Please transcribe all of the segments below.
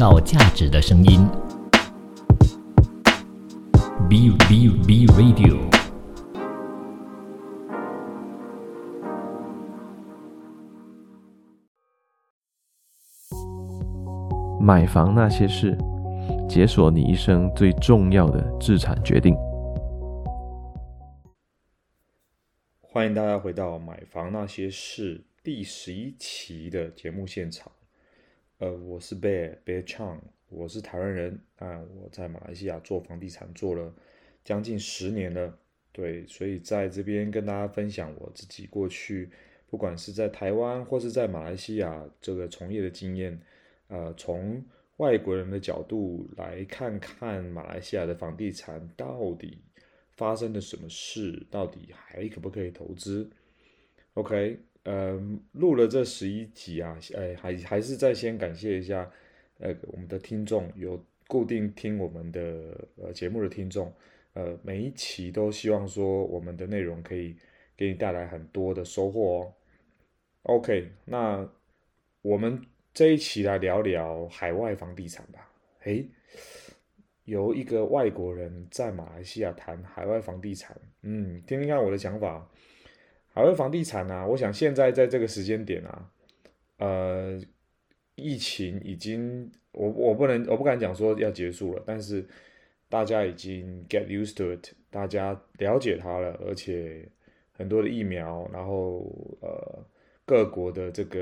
到價值的聲音。B B B Radio。買房那些事，解鎖你一生最重要的資產決定。歡迎大家回到《買房那些事》第十一期的節目現場。呃，我是 Bear Bear Chang，我是台灣人啊，呃，我在馬來西亞做房地產做了將近十年了，對，所以在這邊跟大家分享我自己過去，不管是在台灣或是在馬來西亞這個從業的經驗，呃，從外國人的角度來看看馬來西亞的房地產到底發生了什麼事，到底還可不可以投資？OK。呃，錄了這十一集啊，呃、欸，還還是再先感謝一下，呃，我們的聽眾有固定聽我們的呃節目的聽眾，呃，每一期都希望說我們的內容可以給你帶來很多的收穫哦。OK，那我們這一期來聊聊海外房地產吧。誒、欸，有一個外國人在馬來西亞談海外房地產，嗯，聽聽看我的想法。海外房地產啊。我想現在在這個時間點啊，呃，疫情已經，我我不能，我不敢講說要結束了，但是大家已經 get used to it，大家了解它了，而且很多的疫苗，然後呃，各國的這個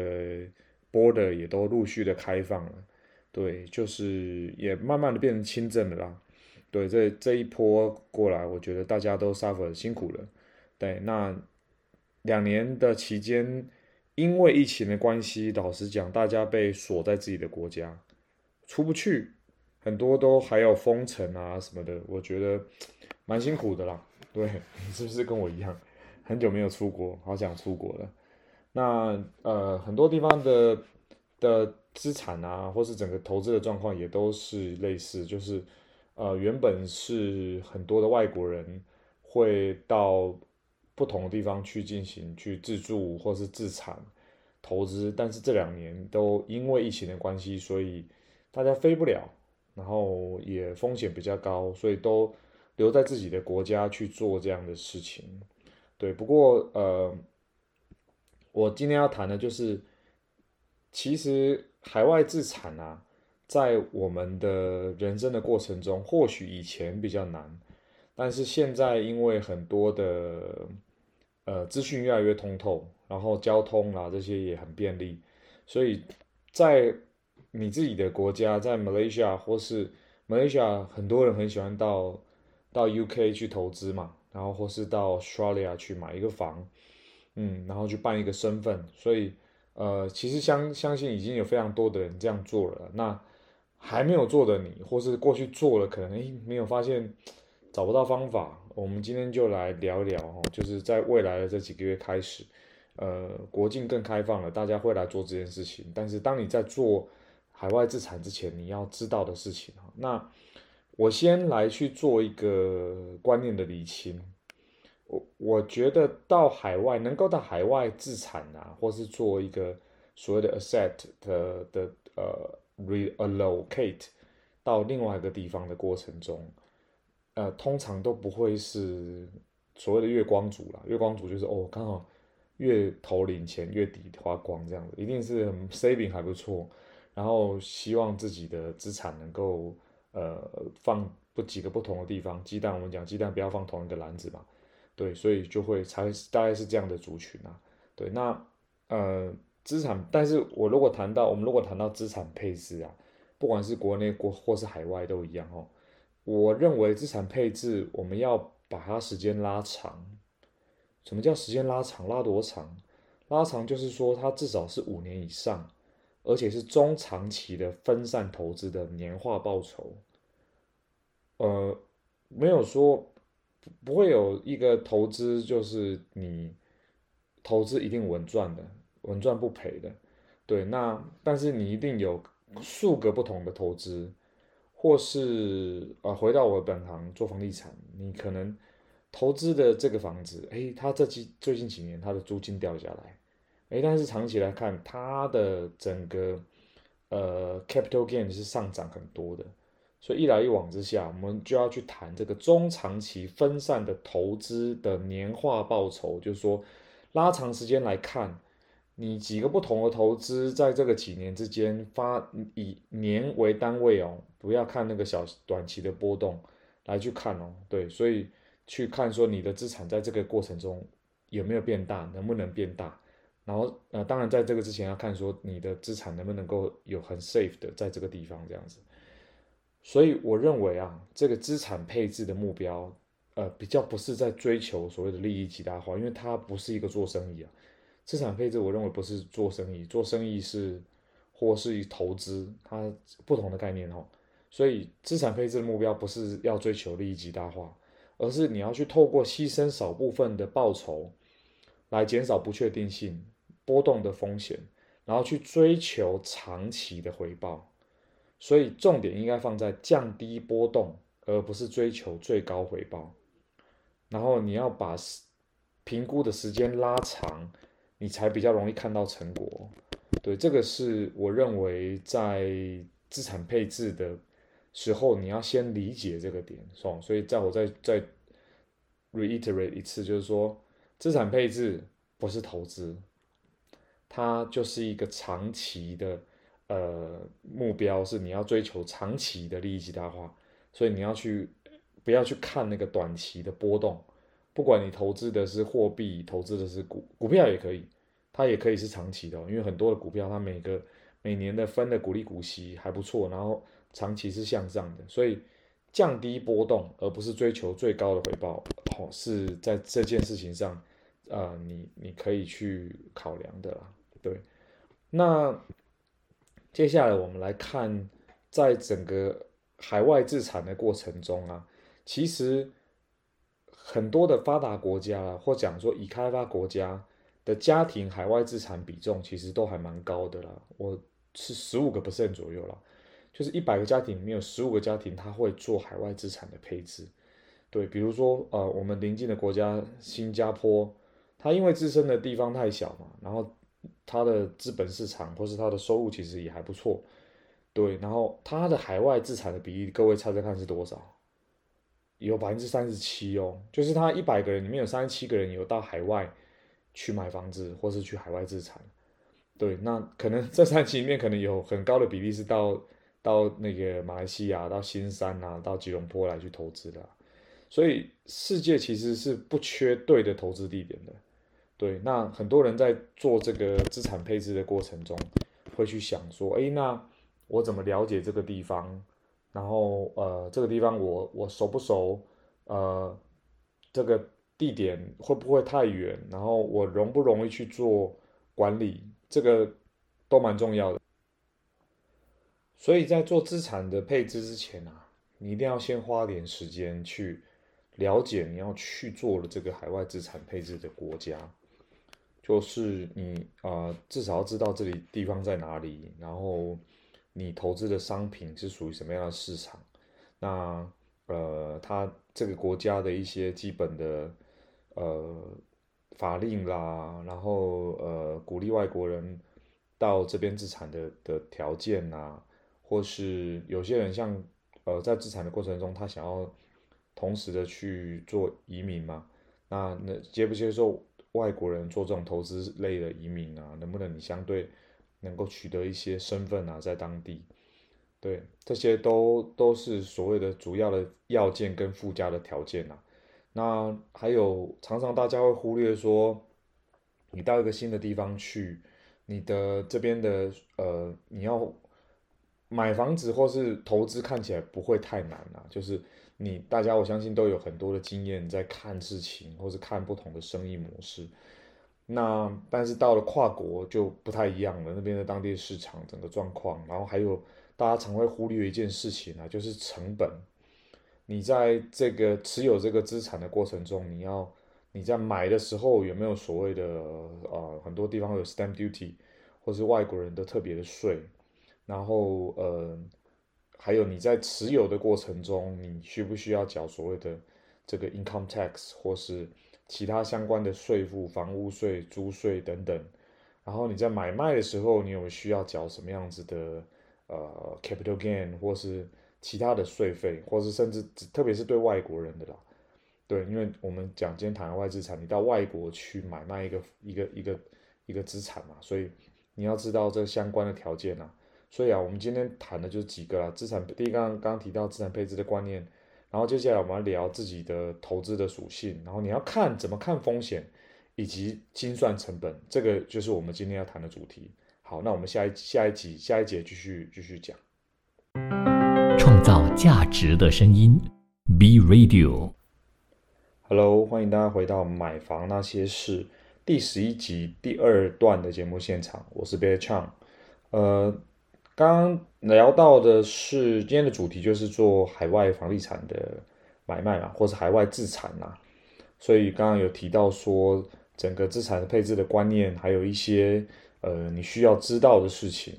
border 也都陸續的開放了，對，就是也慢慢的變成輕症了啦。對，這這一波過來，我覺得大家都 suffer 辛苦了。對，那。兩年的期間，因為疫情的關係，老實講，大家被鎖在自己的國家，出不去，很多都還有封城啊什麼的，我覺得蠻辛苦的啦。對，是不是跟我一樣，很久沒有出國，好想出國了。那呃，很多地方的的資產啊，或是整個投資的狀況也都是類似，就是呃，原本是很多的外國人會到。不同的地方去進行去自住或是資產投資，但是這兩年都因為疫情的關係，所以大家飛不了，然後也風險比較高，所以都留在自己的國家去做這樣的事情。對，不過呃，我今天要談的就是，其實海外資產啊，在我們的人生的過程中，或許以前比較難，但是現在因為很多的。呃，資訊越來越通透，然後交通啦、啊、這些也很便利，所以在你自己的國家，在馬來西亞或是馬來西亞，很多人很喜歡到到 UK 去投資嘛，然後或是到 Australia 去買一個房，嗯，然後去辦一個身份，所以呃，其實相相信已經有非常多的人這樣做了，那還沒有做的你，或是過去做了可能、欸、沒有發現找不到方法。我們今天就來聊一聊，就是在未來的這幾個月開始，呃，國境更開放了，大家會來做這件事情。但是，當你在做海外資產之前，你要知道的事情。那我先來去做一個觀念的釐清。我我覺得到海外能夠到海外資產啊，或是做一個所謂的 asset 的的呃、uh, reallocate 到另外一個地方的過程中。呃，通常都不會是所謂的月光族啦。月光族就是哦，剛好月頭領錢，月底花光這樣子，一定是 saving 還不錯，然後希望自己的資產能夠呃放不幾個不同的地方，雞蛋我們講雞蛋不要放同一個籃子嘛，對，所以就會才大概是這樣的族群啊。對，那呃資產，但是我如果談到我們如果談到資產配置啊，不管是國內國或是海外都一樣哦。我認為資產配置，我們要把它時間拉長。什麼叫時間拉長？拉多長？拉長就是說，它至少是五年以上，而且是中長期的分散投資的年化報酬。呃，沒有說不會有一個投資，就是你投資一定穩賺的、穩賺不賠的。對，那但是你一定有數個不同的投資。或是啊，回到我的本行做房地產，你可能投資的這個房子，哎、欸，它這幾最近幾年它的租金掉下來，哎、欸，但是長期來看，它的整個呃 capital gain 是上漲很多的，所以一來一往之下，我們就要去談這個中長期分散的投資的年化報酬，就是說拉長時間來看。你幾個不同的投資在這個幾年之間發，以年為單位哦，不要看那個小短期的波動來去看哦，對，所以去看說你的資產在這個過程中有沒有變大，能不能變大，然後，呃，當然在這個之前要看說你的資產能不能夠有很 safe 的在這個地方這樣子。所以我認為啊，這個資產配置的目標，呃，比較不是在追求所謂的利益極大化，因為它不是一個做生意啊。資產配置，我認為不是做生意，做生意是或是以投資，它不同的概念哈。所以，資產配置的目標不是要追求利益極大化，而是你要去透過犧牲少部分的報酬，來減少不確定性、波動的風險，然後去追求長期的回報。所以，重點應該放在降低波動，而不是追求最高回報。然後，你要把評估的時間拉長。你才比較容易看到成果，對，這個是我認為在資產配置的時候，你要先理解這個點，所以，在我再再 reiterate 一次，就是說，資產配置不是投資，它就是一個長期的，呃，目標是你要追求長期的利益最大化，所以你要去不要去看那個短期的波動。不管你投資的是貨幣，投資的是股股票也可以，它也可以是長期的，因為很多的股票，它每個每年的分的股利股息還不錯，然後長期是向上的，所以降低波動，而不是追求最高的回報，好、哦、是在這件事情上，啊、呃，你你可以去考量的啦。對，那接下來我們來看，在整個海外資產的過程中啊，其實。很多的發達國家啦，或講說已開發國家的家庭海外資產比重，其實都還蠻高的啦。我是十五個 percent 左右啦，就是一百個家庭裡面有十五個家庭，他會做海外資產的配置。對，比如說呃，我們鄰近的國家新加坡，它因為自身的地方太小嘛，然後它的資本市場或是它的收入其實也還不錯。對，然後它的海外資產的比例，各位猜猜看是多少？有百分之三十七哦，就是他一百個人裡面有三十七個人有到海外去買房子，或是去海外置產。對，那可能這三七裡面可能有很高的比例是到到那個馬來西亞、到新山啊、到吉隆坡來去投資的、啊。所以世界其實是不缺對的投資地點的。對，那很多人在做這個資產配置的過程中，會去想說：哎、欸，那我怎麼了解這個地方？然後，呃，這個地方我我熟不熟？呃，這個地點會不會太遠？然後我容不容易去做管理？這個都蠻重要的。所以在做資產的配置之前啊，你一定要先花點時間去了解你要去做了這個海外資產配置的國家，就是你啊，呃，至少要知道這裡地方在哪裡，然後。你投資的商品是屬於什麼樣的市場？那呃，他這個國家的一些基本的呃法令啦，然後呃鼓勵外國人到這邊置產的的條件啊，或是有些人像呃在置產的過程中，他想要同時的去做移民嘛？那那接不接受外國人做這種投資類的移民啊？能不能你相對？能夠取得一些身份啊，在當地。對，這些都都是所謂的主要的要件跟附加的條件啊。那還有常常大家會忽略說，你到一個新的地方去，你的這邊的呃，你要買房子或是投資看起來不會太難啊。就是你大家我相信都有很多的經驗在看事情或是看不同的生意模式。那但是到了跨國就不太一樣了，那邊的當地市場整個狀況，然後還有大家常會忽略一件事情啊，就是成本。你在這個持有這個資產的過程中，你要你在買的時候有沒有所謂的呃很多地方有 stamp duty，或是外國人的特別的稅，然後呃還有你在持有的過程中，你需不需要繳所謂的這個 income tax 或是。其他相關的稅負，房屋稅、租稅等等。然後你在買賣的時候，你有需要繳什麼樣子的呃 capital gain，或是其他的稅費，或是甚至特別是對外國人的啦。對，因為我們講今天談的外資產，你到外國去買賣一個一個一個一個資產嘛，所以你要知道這相關的條件啊。所以啊，我們今天談的就是幾個啦，資產。第一剛剛提到資產配置的觀念。然後接下來我們要聊自己的投資的屬性，然後你要看怎麼看風險，以及精算成本，這個就是我們今天要談的主題。好，那我們下一下一集下一節繼續繼續講，創造價值的聲音 B Radio。Hello，歡迎大家回到《買房那些事》第十一集第二段的節目現場，我是 Bear Chang，呃。剛剛聊到的是今天的主題，就是做海外房地產的買賣，或是海外資產。所以剛剛有提到說，整個資產配置的觀念，還有一些呃你需要知道的事情，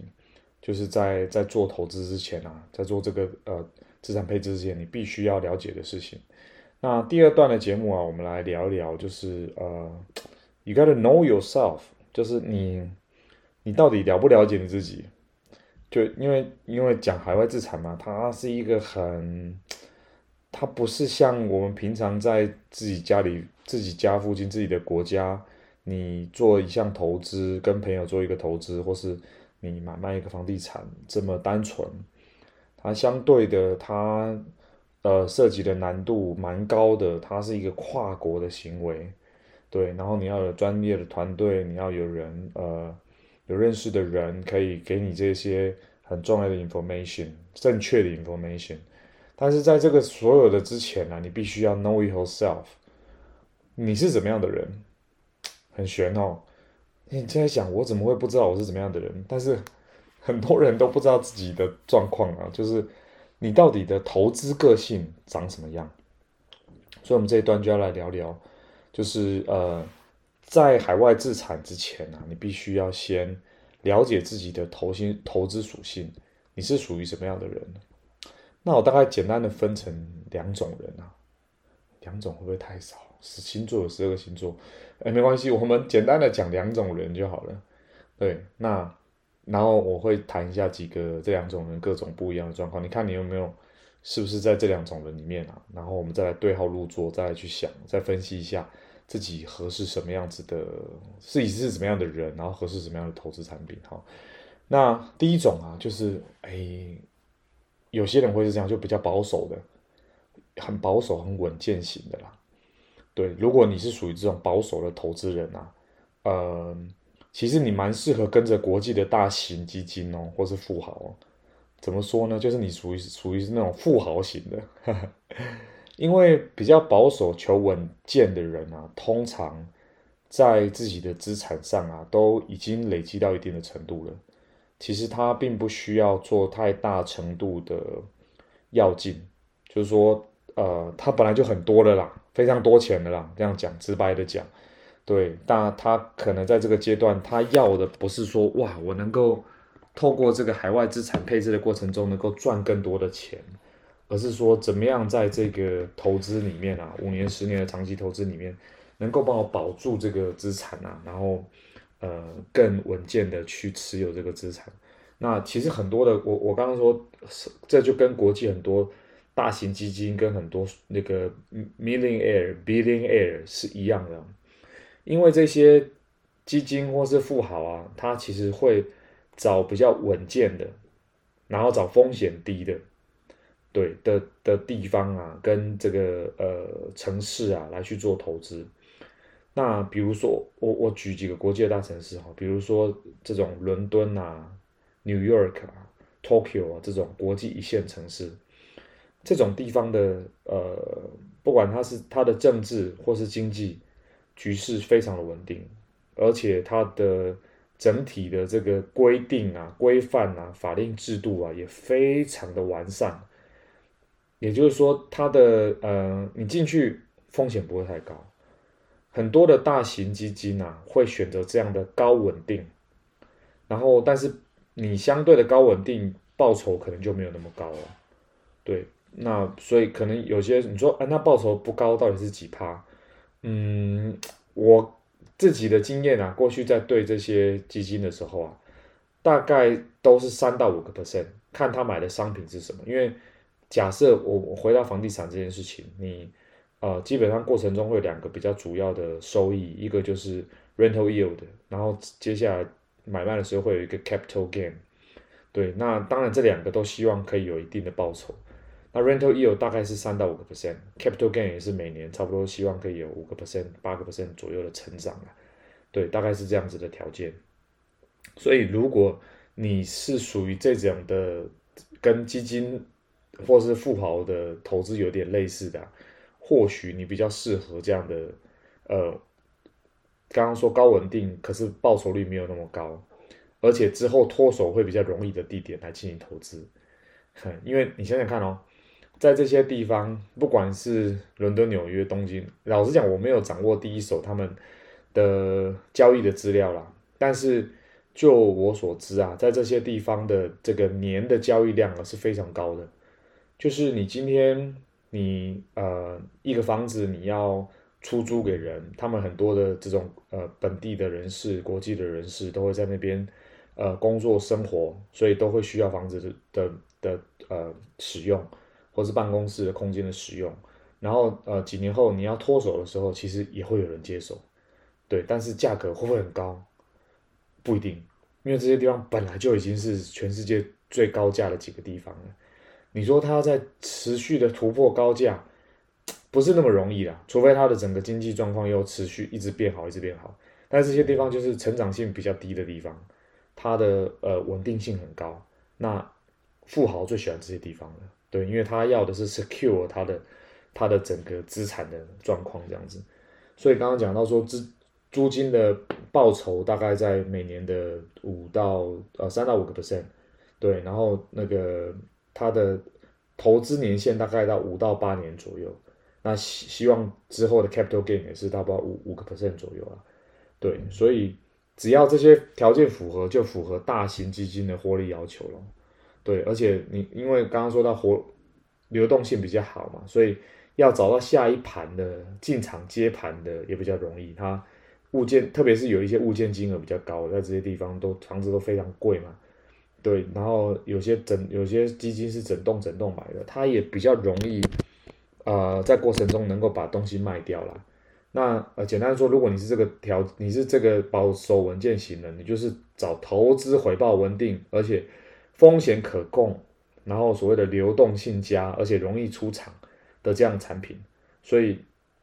就是在在做投資之前啊，在做這個呃資產配置之前，你必須要了解的事情。那第二段的節目啊，我們來聊一聊，就是呃，you gotta know yourself，就是你你到底了不了解你自己？就因為因為講海外資產嘛，它是一個很，它不是像我們平常在自己家裡、自己家附近、自己的國家，你做一項投資，跟朋友做一個投資，或是你買賣一個房地產這麼單純。它相對的，它呃涉及的難度蠻高的，它是一個跨國的行為。對，然後你要有專業的團隊，你要有人呃。有認識的人可以給你這些很重要的 information，正確的 information，但是在這個所有的之前呢、啊，你必須要 know yourself，你是怎麼樣的人？很玄哦。你在想我怎麼會不知道我是怎麼樣的人？但是很多人都不知道自己的狀況啊，就是你到底的投資個性長什麼樣？所以，我們這一段就要來聊聊，就是呃。在海外置產之前啊，你必須要先了解自己的投性、投資屬性，你是屬於什麼樣的人？那我大概簡單的分成兩種人啊，兩種會不會太少？十星座有十二個星座，哎、欸，沒關係，我們簡單的講兩種人就好了。對，那然後我會談一下幾個這兩種人各種不一樣的狀況，你看你有沒有是不是在這兩種人裡面啊？然後我們再來對號入座，再來去想，再分析一下。自己合適什麼樣子的，自己是什麼樣的人，然後合適什麼樣的投資產品好。那第一種啊，就是哎，有些人會是這樣，就比較保守的，很保守、很穩健型的啦。對，如果你是屬於這種保守的投資人啊，呃，其實你蠻適合跟着國際的大型基金哦，或是富豪哦。怎麼說呢？就是你屬於屬於是那種富豪型的。呵呵因為比較保守、求穩健的人啊，通常在自己的資產上啊，都已經累積到一定的程度了。其實他並不需要做太大程度的要進，就是說，呃，他本來就很多的啦，非常多錢的啦，這樣講，直白的講，對。但他可能在這個階段，他要的不是說，哇，我能夠透過這個海外資產配置的過程中，能夠賺更多的錢。而是說，怎麼樣在這個投資裡面啊，五年、十年的長期投資裡面，能夠幫我保住這個資產啊，然後呃更穩健的去持有這個資產。那其實很多的，我我剛剛說，這就跟國際很多大型基金跟很多那個 millionaire、billionaire 是一樣的，因為這些基金或是富豪啊，他其實會找比較穩健的，然後找風險低的，對的的地方啊，跟這個呃城市啊來去做投資。那比如說，我我舉幾個國際的大城市哈、啊，比如說這種倫敦啊、New York 啊、Tokyo 啊這種國際一線城市，這種地方的呃，不管它是它的政治或是經濟局勢非常的穩定，而且它的整體的這個規定啊、規範啊、法令制度啊也非常的完善。也就是說，它的呃，你進去風險不會太高。很多的大型基金啊，會選擇這樣的高穩定，然後，但是你相對的高穩定，報酬可能就沒有那麼高了。對，那所以可能有些你說，啊，那報酬不高，到底是幾趴？嗯，我自己的經驗啊，過去在對這些基金的時候啊，大概都是三到五個 percent，看他買的商品是什麼，因為。假設我回到房地產這件事情，你，呃，基本上過程中會有兩個比較主要的收益，一個就是 rental yield，然後接下來買賣的時候會有一個 capital gain。對，那當然這兩個都希望可以有一定的報酬。那 rental yield 大概是三到五個 percent，capital gain 也是每年差不多希望可以有五個 percent、八個 percent 左右的成長啊。對，大概是這樣子的條件。所以如果你是屬於這種的跟基金。或是富豪的投資有點類似的啊，或許你比較適合這樣的，呃，剛剛說高穩定，可是報酬率沒有那麼高，而且之後脫手會比較容易的地點來進行投資。哼，因為你想想看哦，在這些地方，不管是倫敦、紐約、東京，老實講，我沒有掌握第一手他們的交易的資料啦，但是就我所知啊，在這些地方的這個年的交易量啊是非常高的。就是你今天你呃一個房子你要出租給人，他們很多的這種呃本地的人士、國際的人士都會在那邊呃工作生活，所以都會需要房子的的的呃使用，或是辦公室的空間的使用。然後呃幾年後你要脫手的時候，其實也會有人接手，對，但是價格會不會很高？不一定，因為這些地方本來就已經是全世界最高價的幾個地方了。你說它在持續的突破高價，不是那麼容易啦。除非它的整個經濟狀況又持續一直變好，一直變好。但這些地方就是成長性比較低的地方，它的呃穩定性很高。那富豪最喜歡這些地方了，對，因為他要的是 secure 他的他的整個資產的狀況這樣子。所以剛剛講到說，資租金的報酬，大概在每年的五到呃三到五個 percent，對，然後那個。它的投資年限大概到五到八年左右，那希希望之後的 capital gain 也是大概五五個 percent 左右啊。對，所以只要這些條件符合，就符合大型基金的獲利要求了。對，而且你因為剛剛說到活流動性比較好嘛，所以要找到下一盤的進場接盤的也比較容易。它物件特別是有一些物件金額比較高，在這些地方都房子都非常貴嘛。對，然後有些整有些基金是整棟整棟買的，它也比較容易，啊、呃、在過程中能夠把東西賣掉了。那呃，簡單說，如果你是這個條，你是這個保守文件型的，你就是找投資回報穩定，而且風險可控，然後所謂的流動性佳，而且容易出場的這樣的產品，所以。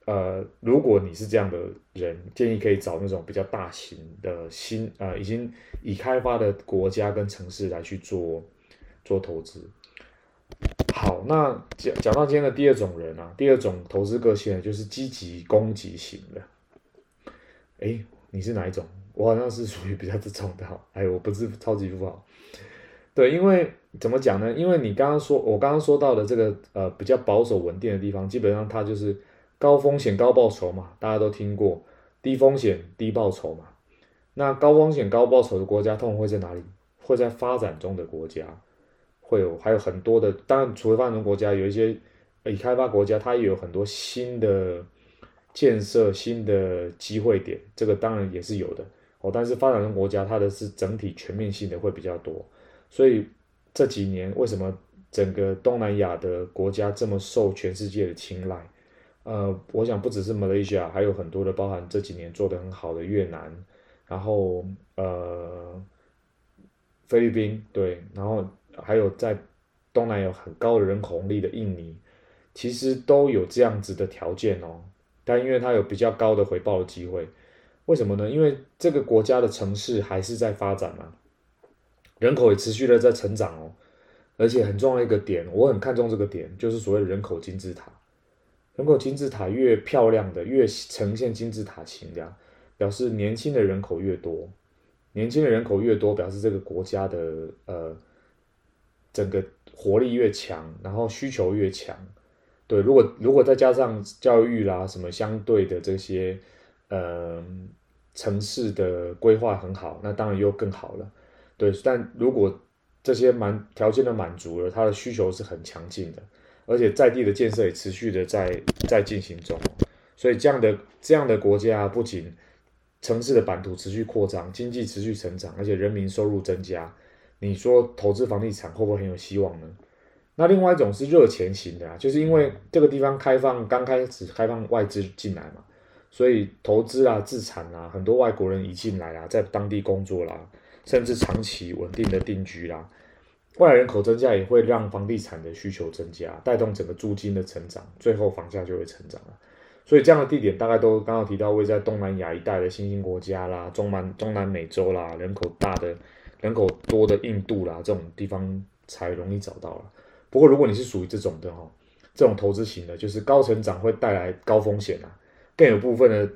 呃，如果你是這樣的人，建議可以找那種比較大型的新呃已經已開發的國家跟城市來去做做投資。好，那講講到今天的第二種人啊，第二種投資個性就是積極攻擊型的。哎，你是哪一種？我好像是屬於比較這種的。哎，我不是超級富豪。對，因為怎麼講呢？因為你剛剛說，我剛剛說到的這個呃比較保守穩定的地方，基本上它就是。高風險高報酬嘛，大家都聽過。低風險低報酬嘛。那高風險高報酬的國家通常會在哪裡？會在發展中的國家，會有還有很多的。當然，除了發展中國家，有一些已開發國家，它也有很多新的建設、新的機會點，這個當然也是有的哦。但是發展中國家它的是整體全面性的會比較多。所以這幾年為什麼整個東南亞的國家這麼受全世界的青睞？呃，我想不只是馬來西亞，還有很多的包含這幾年做得很好的越南，然後呃，菲律賓對，然後還有在東南亞有很高的人口紅利的印尼，其實都有這樣子的條件哦。但因為它有比較高的回報的機會，為什麼呢？因為這個國家的城市還是在發展嘛、啊，人口也持續的在成長哦。而且很重要的一個點，我很看重這個點，就是所謂的人口金字塔。人口金字塔越漂亮的，越呈現金字塔型的，表示年輕的人口越多。年輕的人口越多，表示這個國家的呃，整個活力越強，然後需求越強。對，如果如果再加上教育啦什麼相對的這些，嗯、呃，城市的規劃很好，那當然又更好了。對，但如果這些滿條件都滿足了，它的需求是很強勁的。而且在地的建設也持續的在在進行中，所以這樣的這樣的國家不僅城市的版圖持續擴張，經濟持續成長，而且人民收入增加，你說投資房地產會不會很有希望呢？那另外一種是熱錢型的啦，就是因為這個地方開放，剛開始開放外資進來嘛，所以投資啊、資產啊，很多外國人一進來啊，在當地工作啦，甚至長期穩定的定居啦。外來人口增加也會讓房地產的需求增加，帶動整個租金的成長，最後房價就會成長了。所以這樣的地點大概都剛剛提到，位在東南亞一帶的新興國家啦，中南中南美洲啦，人口大的、人口多的印度啦，這種地方才容易找到了。不過如果你是屬於這種的哦，這種投資型的，就是高成長會帶來高風險啊。更有部分的，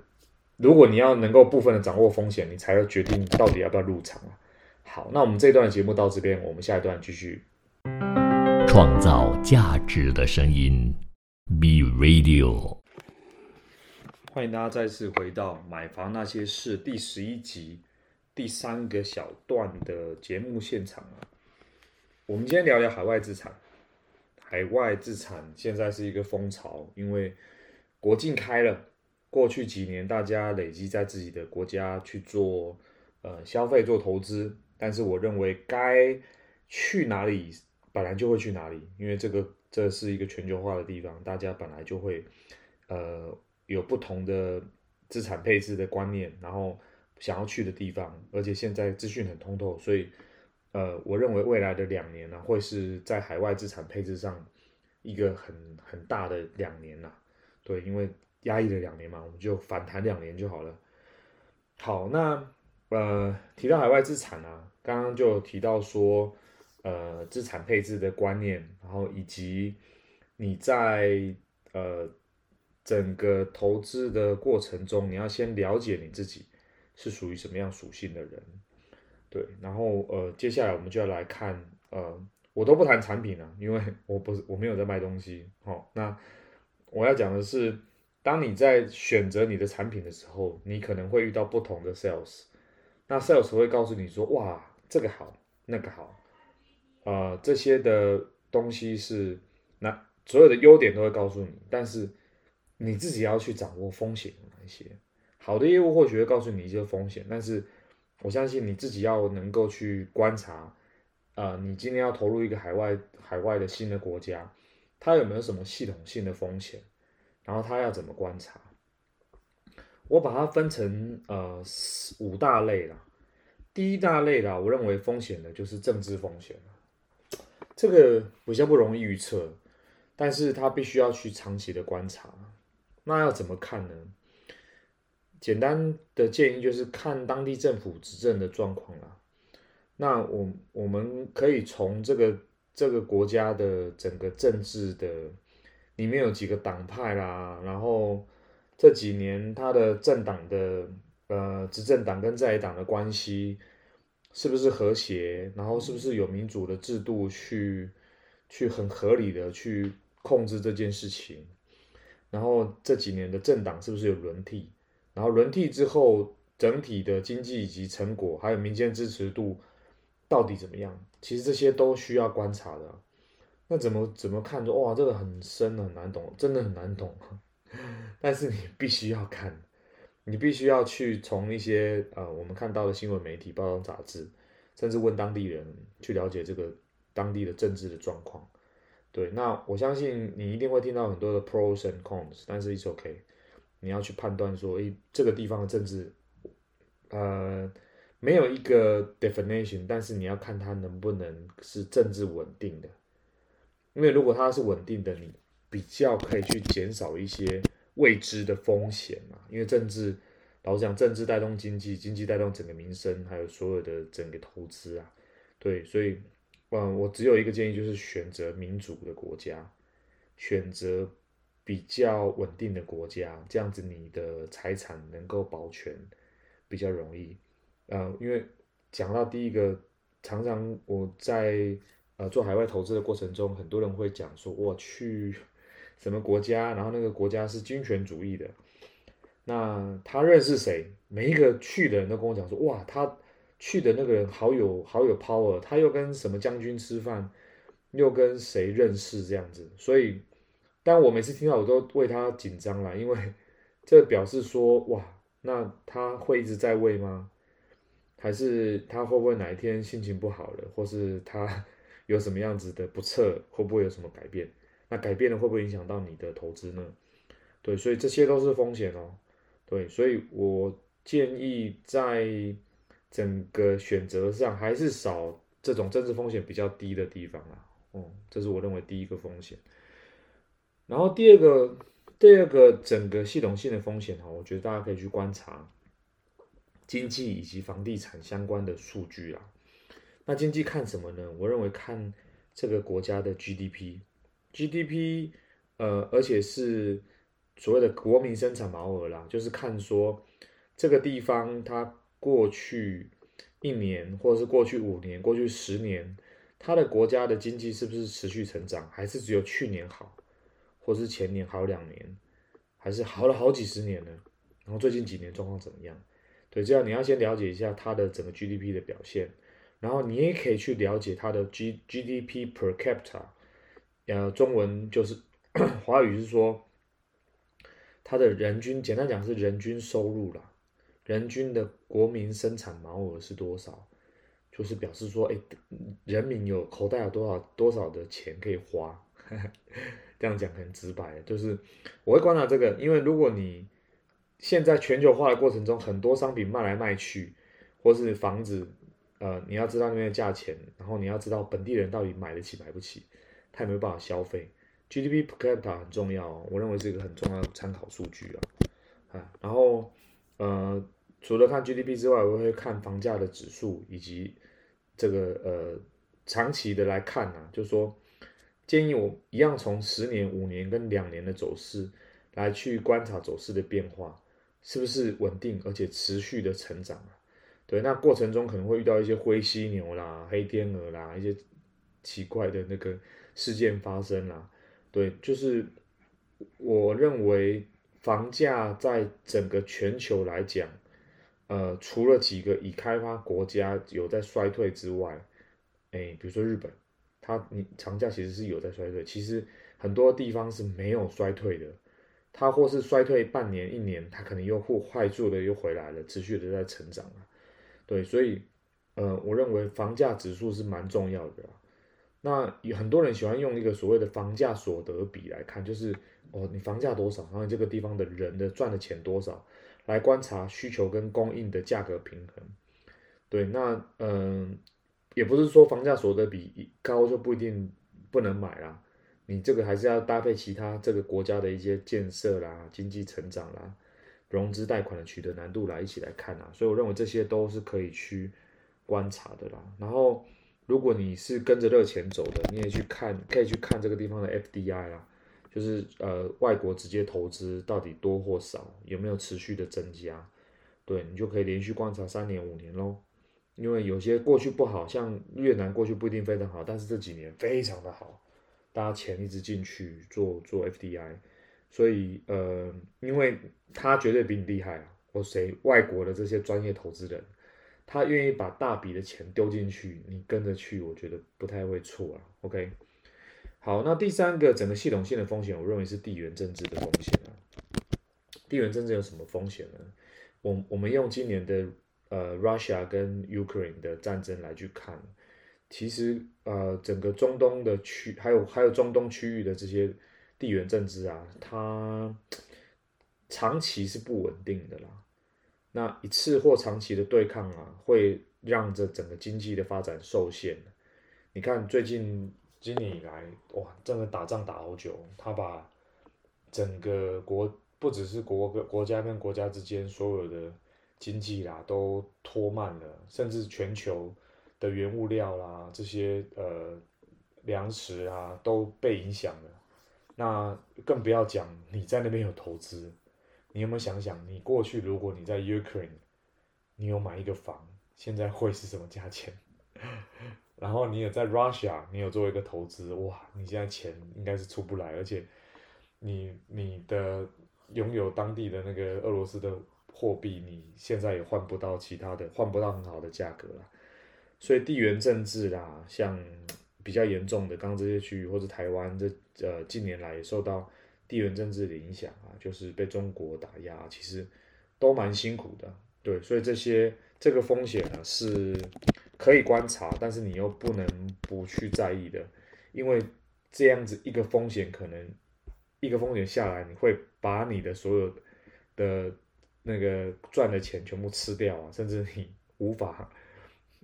如果你要能夠部分的掌握風險，你才要決定到底要不要入場啊。好，那我們這段節目到這邊，我們下一段繼續。創造價值的聲音，Be Radio。歡迎大家再次回到《買房那些事》第十一集第三個小段的節目現場啊！我們今天聊聊海外資產。海外資產現在是一個風潮，因為國境開了，過去幾年大家累積在自己的國家去做呃消費、做投資。但是我認為該去哪裡，本來就會去哪裡，因為這個這是一個全球化的地方，大家本來就會呃有不同的資產配置的觀念，然後想要去的地方，而且現在資訊很通透，所以呃，我認為未來的兩年呢，會是在海外資產配置上一個很很大的兩年吶，對，因為壓抑了兩年嘛，我們就反彈兩年就好了。好，那。呃，提到海外資產啊，剛剛就提到說，呃，資產配置的觀念，然後以及你在呃整個投資的過程中，你要先了解你自己是屬於什麼樣屬性的人，對，然後呃，接下來我們就要來看，呃，我都不談產品了啊，因為我不是我沒有在賣東西，好，那我要講的是，當你在選擇你的產品的時候，你可能會遇到不同的 sales。那 sales 會告訴你說，哇，這個好，那個好，呃，這些的東西是，那所有的優點都會告訴你，但是你自己要去掌握風險哪些。好的業務或許會告訴你一些風險，但是我相信你自己要能夠去觀察，呃，你今天要投入一個海外海外的新的國家，它有沒有什麼系統性的風險，然後它要怎麼觀察？我把它分成呃五大類啦，第一大類啦，我認為風險的就是政治風險，這個比較不容易預測，但是它必須要去長期的觀察，那要怎麼看呢？簡單的建議就是看當地政府執政的狀況啦，那我我們可以從這個這個國家的整個政治的裡面有幾個黨派啦，然後。這幾年他的政黨的呃執政黨跟在野黨的關係是不是和諧？然後是不是有民主的制度去去很合理的去控制這件事情？然後這幾年的政黨是不是有輪替？然後輪替之後整體的經濟以及成果，還有民間支持度到底怎麼樣？其實這些都需要觀察的。那怎麼怎麼看着哇？這個很深，很難懂，真的很難懂。但是你必須要看，你必須要去從一些呃我們看到的新聞媒體、報導雜誌，甚至問當地人去了解這個當地的政治的狀況。對，那我相信你一定會聽到很多的 pros and cons，但是 it's OK，你要去判斷說，哎、欸，這個地方的政治呃沒有一個 definition，但是你要看它能不能是政治穩定的，因爲如果它是穩定的，你。比較可以去減少一些未知的風險嘛，因為政治，老實講，政治帶動經濟，經濟帶動整個民生，還有所有的整個投資啊，對，所以，嗯，我只有一個建議，就是選擇民主的國家，選擇比較穩定的國家，這樣子你的財產能夠保全比較容易。嗯，因為講到第一個，常常我在呃做海外投資的過程中，很多人會講說，我去。什麼國家？然後那個國家是軍權主義的。那他認識誰？每一個去的人都跟我講說：“哇，他去的那個人好有好有 Power，他又跟什麼將軍吃飯，又跟誰認識這樣子。”所以，但我每次聽到我都為他緊張了，因為這表示說：“哇，那他會一直在位嗎？還是他會不會哪一天心情不好了，或是他有什麼樣子的不測，會不會有什麼改變？”那改變了會不會影響到你的投資呢？對，所以這些都是風險哦。對，所以我建議在整個選擇上還是少這種政治風險比較低的地方啊。嗯，這是我認為第一個風險。然後第二個，第二個整個系統性的風險哈，我覺得大家可以去觀察經濟以及房地產相關的數據啊。那經濟看什麼呢？我認為看這個國家的 GDP。GDP，呃，而且是所謂的國民生產毛額啦，就是看說，這個地方它過去一年，或者是過去五年、過去十年，它的國家的經濟是不是持續成長，還是只有去年好，或是前年好兩年，還是好了好幾十年呢？然後最近幾年狀況怎麼樣？對，這樣你要先了解一下它的整個 GDP 的表現，然後你也可以去了解它的 G GDP per capita，呃、啊，中文就是華語，是說它的人均，簡單講是人均收入啦，人均的國民生產毛額是多少，就是表示說，哎、欸，人民有口袋有多少多少的錢可以花。呵呵，這樣講很直白，就是我會觀察這個，因為如果你現在全球化的過程中，很多商品賣來賣去，或是房子，呃，你要知道那邊的價錢，然後你要知道本地人到底買得起買不起。他也沒辦法消費，GDP per capita 很重要，哦，我認為是一個很重要的參考數據啊，啊，然後，呃，除了看 GDP 之外，我會看房價的指數，以及這個呃長期的來看啊，就是說建議我一樣從十年、五年跟兩年的走勢來去觀察走勢的變化，是不是穩定而且持續的成長啊？對，那過程中可能會遇到一些灰犀牛啦、黑天鵝啦，一些奇怪的那個。事件發生了。啊，對，就是我認為房價在整個全球來講，呃，除了幾個已開發國家有在衰退之外，哎、欸，比如說日本，它你房價其實是有在衰退，其實很多地方是沒有衰退的，它或是衰退半年一年，它可能又或快速的又回來了，持續的在成長了，對，所以，呃，我認為房價指數是蠻重要的。啊。那有很多人喜歡用一個所謂的房價所得比來看，就是哦，你房價多少，然後這個地方的人的賺的錢多少，來觀察需求跟供應的價格平衡。對，那嗯，也不是說房價所得比高就不一定不能買啦，你這個還是要搭配其他這個國家的一些建設啦、經濟成長啦、融資貸款的取得難度來一起來看啦。所以我認為這些都是可以去觀察的啦。然後。如果你是跟着熱錢走的，你也去看，可以去看這個地方的 FDI 啦，就是呃外國直接投資到底多或少，有沒有持續的增加？對，你就可以連續觀察三年五年咯，因為有些過去不好，像越南過去不一定非常好，但是這幾年非常的好，大家錢一直進去做做 FDI，所以呃，因為他絕對比你厲害啊，我、哦、誰外國的這些專業投資人。他願意把大筆的錢丟進去，你跟着去，我覺得不太會錯啊。OK，好，那第三個整個系統性的風險，我認為是地緣政治的風險啊。地緣政治有什麼風險呢？我我們用今年的呃 Russia 跟 Ukraine 的戰爭來去看，其實呃整個中東的區還有還有中東區域的這些地緣政治啊，它長期是不穩定的啦。那一次或長期的對抗啊，會讓這整個經濟的發展受限。你看，最近今年以來哇，真的打仗打好久，他把整個國不只是國跟國家跟國家之間所有的經濟啦都拖慢了，甚至全球的原物料啦這些呃糧食啊都被影響了。那更不要講你在那邊有投資。你有沒有想想，你過去如果你在 Ukraine，你有買一個房，現在會是什麼價錢？ 然後你也在 Russia，你有做一個投資，哇，你現在錢應該是出不來，而且你你的擁有當地的那個俄羅斯的貨幣，你現在也換不到其他的，換不到很好的價格了。所以地緣政治啦，像比較嚴重的剛剛這些區域，或者台灣這呃近年來也受到，地緣政治的影響啊，就是被中國打壓啊，其實都蠻辛苦的。對，所以這些這個風險呢啊，是可以觀察，但是你又不能不去在意的，因為這樣子一個風險，可能一個風險下來，你會把你的所有的那個賺的錢全部吃掉啊，甚至你無法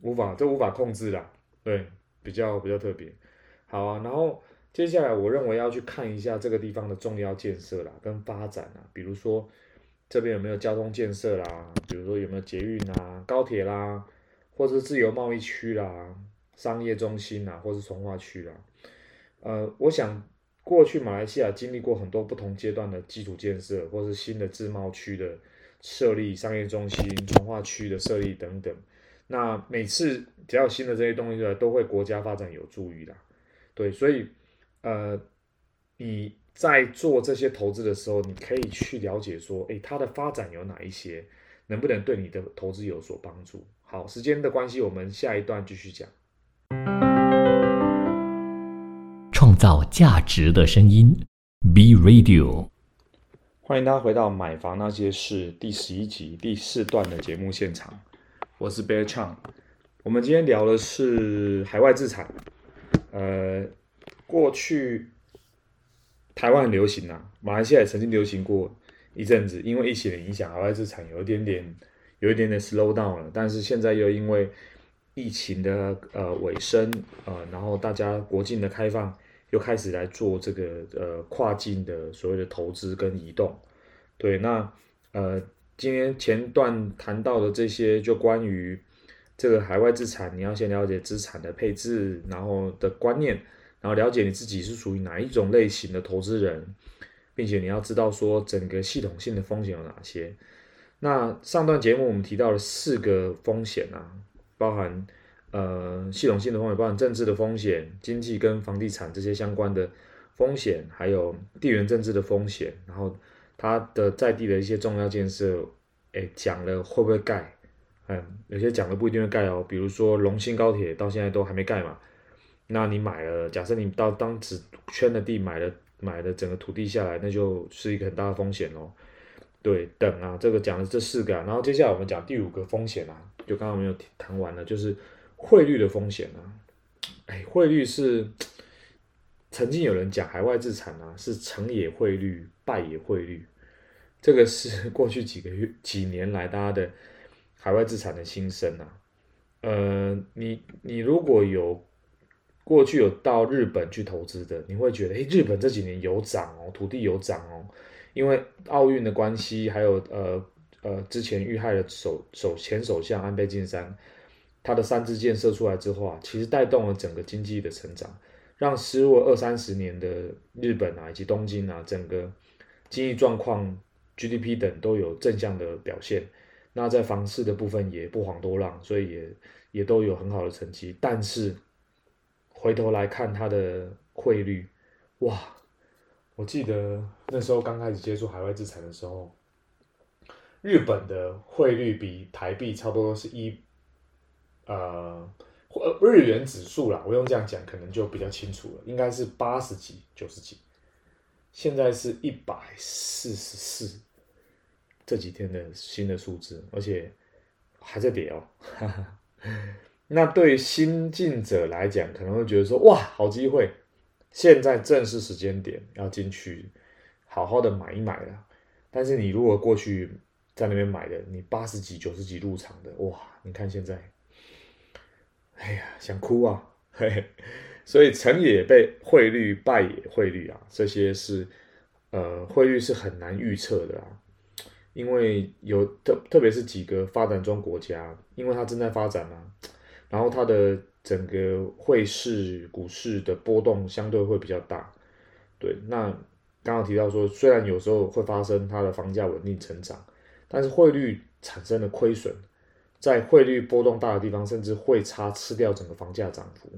無法這無法控制啦。對，比較比較特別。好啊，然後。接下來，我認為要去看一下這個地方的重要建設啦，跟發展啦，比如說這邊有沒有交通建設啦，比如說有沒有捷運啊、高鐵啦，或者是自由貿易區啦、商業中心吶，或是重化區啦。呃，我想過去馬來西亞經歷過很多不同階段的基礎建設，或是新的自貿區的設立、商業中心、重化區的設立等等。那每次只要有新的這些東西出來，都會國家發展有助於啦。對，所以。呃，你在做這些投資的時候，你可以去了解說，哎、欸，它的發展有哪一些，能不能對你的投資有所幫助？好，時間的關係，我們下一段繼續講。創造價值的聲音，B Radio，歡迎大家回到《買房那些事》第十一集第四段的節目現場，我是 Bear Chang，我們今天聊的是海外資產，呃。過去台灣很流行啊，馬來西亞也曾經流行過一陣子，因為疫情的影響，海外資產有一點點，有一點點 slow down 了。但是現在又因為疫情的呃尾聲，呃，然後大家國境的開放，又開始來做這個呃跨境的所謂的投資跟移動。對，那呃今天前段談到的這些，就關於這個海外資產，你要先了解資產的配置，然後的觀念。然後了解你自己是屬於哪一種類型的投資人，並且你要知道說整個系統性的風險有哪些。那上段節目我們提到了四個風險啊，包含呃系統性的風險，包含政治的風險、經濟跟房地產這些相關的風險，還有地緣政治的風險。然後它的在地的一些重要建設，哎，講了會不會蓋？嗯，有些講了不一定會蓋哦，比如說龍興高鐵到現在都還沒蓋嘛。那你買了，假設你到當時圈的地買了買了整個土地下來，那就是一個很大的風險哦。對，等啊，這個講了這四個、啊，然後接下來我們講第五個風險啊，就剛剛沒有談完了，就是匯率的風險啊。哎，匯率是曾經有人講海外資產啊，是成也匯率，敗也匯率。這個是過去幾個月幾年來大家的海外資產的心聲啊。呃，你你如果有過去有到日本去投資的，你會覺得，哎，日本這幾年有漲哦，土地有漲哦，因為奧運的關係，還有呃呃之前遇害的首首前首相安倍晉三，他的三支箭射出來之後啊，其實帶動了整個經濟的成長，讓失落二三十年的日本啊，以及東京啊，整個經濟狀況 GDP 等都有正向的表現。那在房市的部分也不遑多讓，所以也也都有很好的成績，但是。回頭來看它的匯率，哇！我記得那時候剛開始接觸海外資產的時候，日本的匯率比台幣差不多是一，呃，日元指數啦，我用這樣講可能就比較清楚了，應該是八十幾、九十幾，現在是一百四十四，這幾天的新的數字，而且還在跌哦。哈哈那對新進者來講，可能會覺得說，哇，好機會，現在正是時間點，要進去好好的買一買了。但是你如果過去在那邊買的，你八十幾、九十幾入場的，哇，你看現在，哎呀，想哭啊。嘿，所以成也被匯率，敗也匯率啊。這些是呃，匯率是很難預測的啊，因為有特特別是幾個發展中國家，因為它正在發展嘛啊。然後它的整個匯市、股市的波動相對會比較大。對，那剛剛提到說，雖然有時候會發生它的房價穩定成長，但是匯率產生的虧損，在匯率波動大的地方，甚至會差吃掉整個房價漲幅。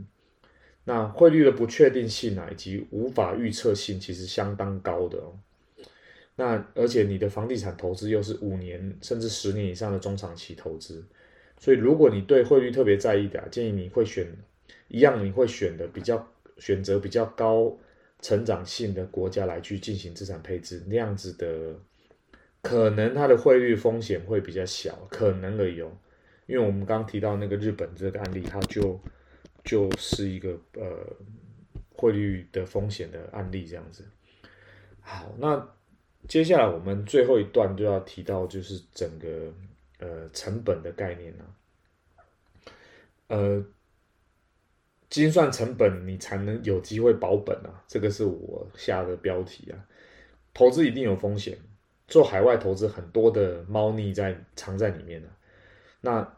那匯率的不確定性啊，以及無法預測性，其實相當高的哦。那而且你的房地產投資又是五年甚至十年以上的中長期投資。所以，如果你對匯率特別在意的啊，建議你會選一樣，你會選的比較選擇比較高成長性的國家來去進行資產配置，那樣子的可能它的匯率風險會比較小，可能而已哦。因為我們剛剛提到那個日本這個案例，它就就是一個呃匯率的風險的案例這樣子。好，那接下來我們最後一段就要提到，就是整個。呃，成本的概念呢、啊？呃，精算成本你才能有機會保本啊！這個是我下的標題啊。投資一定有風險，做海外投資很多的貓膩在藏在裡面呢、啊。那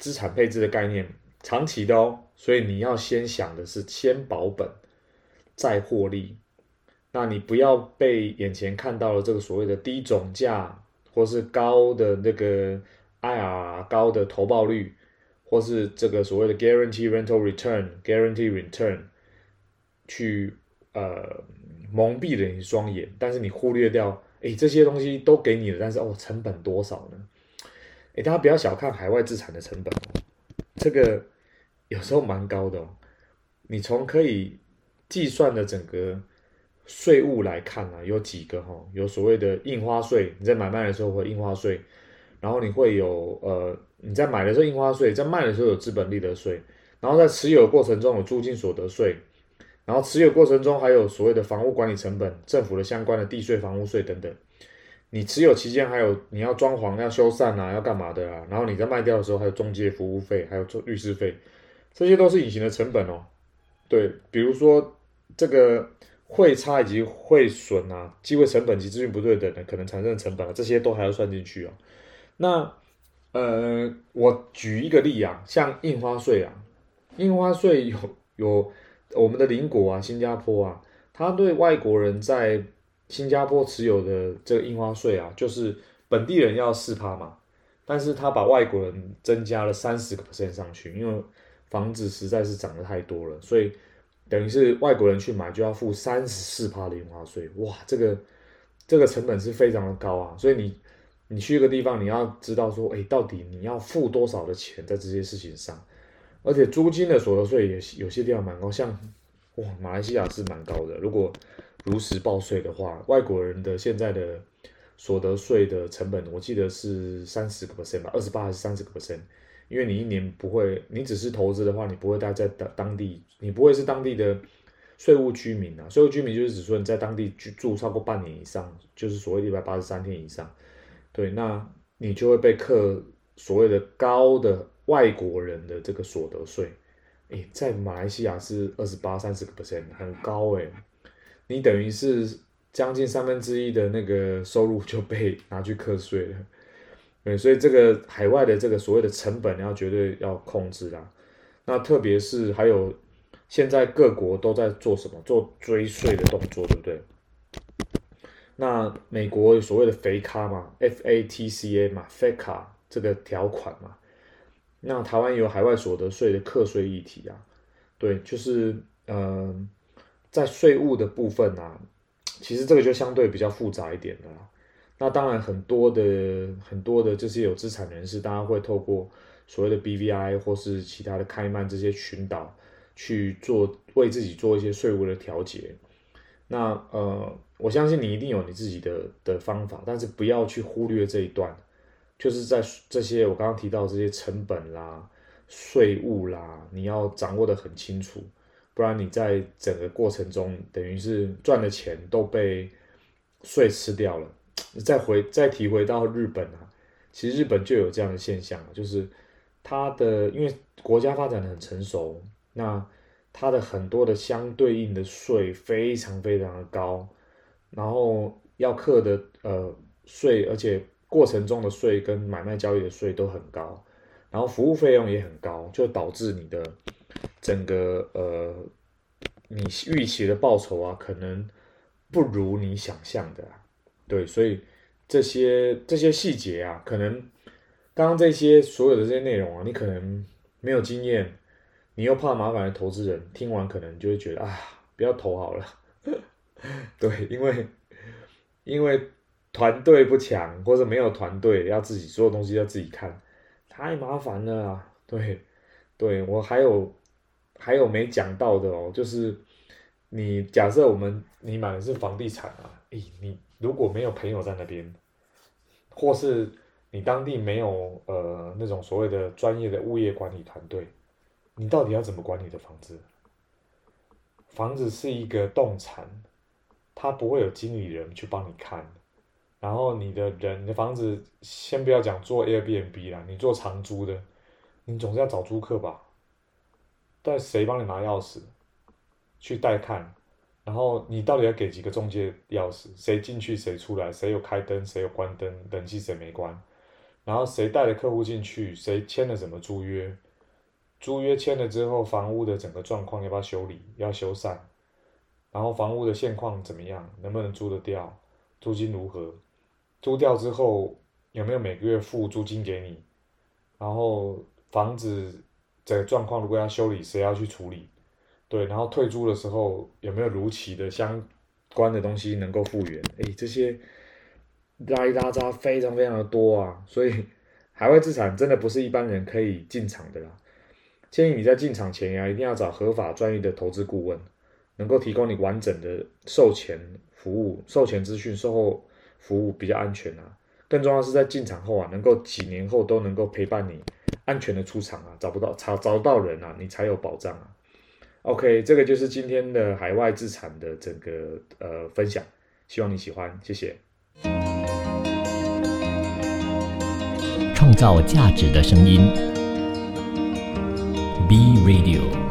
資產配置的概念，長期的哦，所以你要先想的是先保本再獲利。那你不要被眼前看到了這個所謂的低總價。或是高的那個 IR 高的投報率，或是這個所謂的 Guarantee Rental Return、Guarantee Return，去呃蒙蔽了你雙眼，但是你忽略掉，誒、欸，這些東西都給你了，但是哦，成本多少呢？誒、欸，大家不要小看海外資產的成本，這個有時候蠻高的哦。你從可以計算的整個。稅務來看呢、啊，有幾個哈，有所謂的印花稅，你在買賣的時候會印花稅，然後你會有呃，你在買的時候印花稅，在賣的時候有資本利得稅，然後在持有過程中有租金所得稅，然後持有過程中還有所謂的房屋管理成本、政府的相關的地稅、房屋稅等等。你持有期間還有你要裝潢、要修繕啊，要幹嘛的啊？然後你在賣掉的時候還有中介服務費，還有做律師費，這些都是隱形的成本哦、喔。對，比如說這個。匯差以及匯損啊，機會成本及資訊不對等的可能產生的成本啊，這些都還要算進去哦，啊。那，呃，我舉一個例啊，像印花稅啊，印花稅有有我們的鄰國啊，新加坡啊，他對外國人在新加坡持有的這個印花稅啊，就是本地人要四趴嘛，但是他把外國人增加了三十個 percent 上去，因為房子實在是漲得太多了，所以。等於是外國人去買就要付三十四趴印花稅。哇，這個這個成本是非常的高啊。所以你你去一個地方，你要知道說，哎，到底你要付多少的錢在這些事情上。而且租金的所得稅也有些地方蠻高，像哇，馬來西亞是蠻高的。如果如實報稅的話，外國人的現在的所得稅的成本，我記得是三十個 percent 吧，二十八還是三十個 percent？因為你一年不會，你只是投資的話，你不會待在當當地，你不會是當地的稅務居民啊。稅務居民就是指說你在當地居住超過半年以上，就是所謂一百八十三天以上。對，那你就會被課所謂的高的外國人的這個所得稅。哎、欸，在馬來西亞是二十八、三十個 percent，很高誒、欸，你等於是將近三分之一的那個收入就被拿去課稅了。對，所以這個海外的這個所謂的成本你要絕對要控制啊那特別是還有現在各國都在做什麼做追稅的動作，對不對？那美國有所謂的肥咖嘛，FATCA 嘛，肥卡這個條款嘛，那台灣有海外所得稅的課稅議題啊，對，就是呃，在稅務的部分啊，其實這個就相對比較複雜一點的啦。那當然很，很多的很多的這些有資產人士，大家會透過所謂的 BVI 或是其他的開曼這些群島去做，為自己做一些稅務的調節。那呃，我相信你一定有你自己的的方法，但是不要去忽略這一段，就是在這些我剛剛提到這些成本啦、稅務啦，你要掌握的很清楚，不然你在整個過程中，等於是賺的錢都被稅吃掉了。再回再提回到日本啊，其實日本就有這樣的現象，就是它的因為國家發展的很成熟，那它的很多的相對應的稅非常非常的高，然後要課的呃稅，而且過程中的稅跟買賣交易的稅都很高，然後服務費用也很高，就導致你的整個呃你預期的報酬啊，可能不如你想象的。對，所以這些這些細節啊，可能剛剛這些所有的這些內容啊，你可能沒有經驗，你又怕麻煩的投資人，聽完可能就會覺得啊，不要投好了。 對，因為因為團隊不強，或者沒有團隊，要自己所有東西要自己看，太麻煩了啊。對，對，我還有還有沒講到的哦，就是你假設我們你買的是房地產啊，誒你。如果沒有朋友在那邊，或是你當地沒有呃那種所謂的專業的物業管理團隊，你到底要怎麼管你的房子？房子是一個動產，它不會有經理人去幫你看。然後你的人，你的房子，先不要講做 Airbnb 啦，你做長租的，你總是要找租客吧？但誰幫你拿鑰匙去帶看？然後你到底要給幾個中介鑰匙？誰進去誰出來？誰有開燈？誰有關燈？冷氣誰沒關？然後誰帶了客戶進去？誰簽了什麼租約？租約簽了之後，房屋的整個狀況要不要修理？要修繕？然後房屋的現況怎麼樣？能不能租得掉？租金如何？租掉之後有沒有每個月付租金給你？然後房子的狀況如果要修理，誰要去處理？對，然後退租的時候有沒有如期的相關的東西能夠復原？哎，這些拉一拉雜非常非常的多啊，所以海外資產真的不是一般人可以進場的啦。建議你在進場前呀、啊，一定要找合法專業的投資顧問，能夠提供你完整的售前服務、售前資訊、售後服務比較安全啊。更重要的是在進場後啊，能夠幾年後都能夠陪伴你安全的出場啊，找不到找找到人啊，你才有保障啊。OK，這個就是今天的海外資產的整個呃分享，希望你喜歡，謝謝。創造價值的聲音，B Radio。